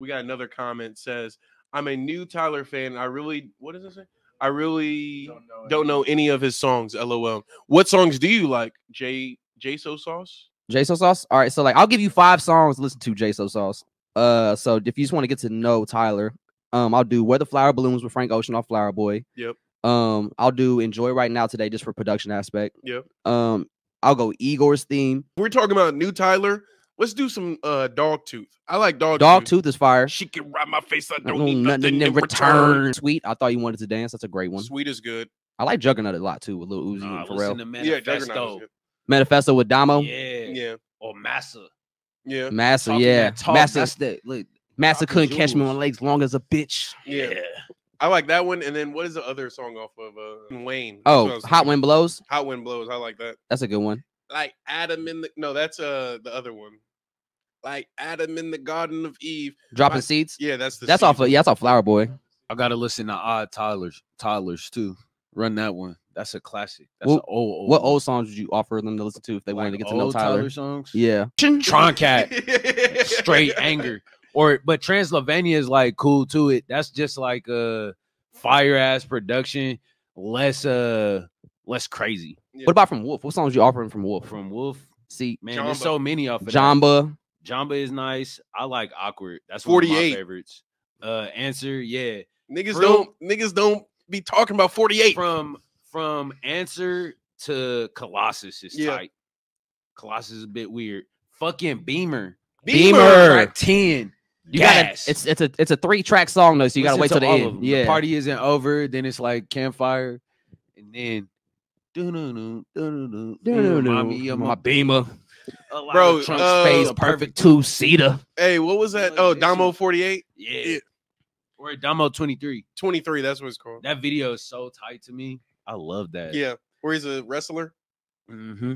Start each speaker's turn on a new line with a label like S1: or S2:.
S1: we got another comment says, I'm a new Tyler fan. I really, what does it say? I really don't know, don't know any of his songs. LOL.
S2: What songs do you like?
S1: J JSO Sauce?
S2: JSO Sauce? All right. So, like, I'll give you five songs to listen to JSO Sauce. Uh, so if you just want to get to know Tyler, um, I'll do Where the Flower Blooms with Frank Ocean off Flower Boy. Yep. Um, I'll do Enjoy Right Now today just for production aspect. Yep. Um, I'll go Igor's theme. We're talking about new Tyler.
S1: Let's do some uh dog tooth. I like dog. Dog
S2: tooth, tooth is fire. She can ride my face. I don't, I need nothing, in return. return. Sweet. I thought you wanted to dance. That's a great one. Sweet is good. I like Juggernaut a lot too with Lil Uzi nah, and Pharrell. Yeah,
S1: Juggernaut.
S2: Manifesto with Damo.
S1: Yeah, yeah. Or Massa. Yeah,
S2: Massa. Talk yeah, Massa. look, Massa couldn't catch me on legs long as a bitch.
S1: Yeah. yeah. I like that one, and then what is the other song off of uh, Wayne? Oh, Hot Wind Blows. Hot Wind Blows. I like that. That's a good one. Like Adam in the no, that's uh the other one like Adam in the Garden of Eve. Dropping seeds. Yeah, that's the
S2: that's seed. off. Yeah, that's off Flower Boy.
S3: I gotta listen to Odd Toddlers, Toddlers too.
S2: Run that one.
S3: That's a classic. That's well,
S2: old, old What old songs would you offer them to listen to if they like wanted to get to know Tyler? Tyler songs? Yeah. Tron Cat.
S1: Straight anger.
S2: Or but
S3: Transylvania is like cool to it. That's just like a fire ass production, less uh less crazy. Yeah. What about
S2: from Wolf? What songs you offering from Wolf? From Wolf?
S3: See, man, Jamba. there's so many off of Jamba. That. Jamba is nice. I like awkward. That's 48. one of my favorites. Uh, answer, yeah. Niggas from, don't
S1: niggas don't be talking about 48. From
S3: from answer to Colossus is yeah. tight. Colossus is a bit weird. Fucking Beamer. Beamer, Beamer.
S2: 10. You gotta it's it's a it's a three track song though, so you Listen gotta wait till the end. Yeah. The
S3: party isn't over, then it's like campfire, and then do do do do do do do my beamer
S1: a lot bro, of trunk uh, space, perfect two seater. Hey, what was that? Oh, Damo 48? Yeah. yeah. Or Damo 23. 23, that's what it's called. That video is so tight to me.
S3: I love that. Yeah.
S1: Where he's a wrestler.
S3: Mm-hmm.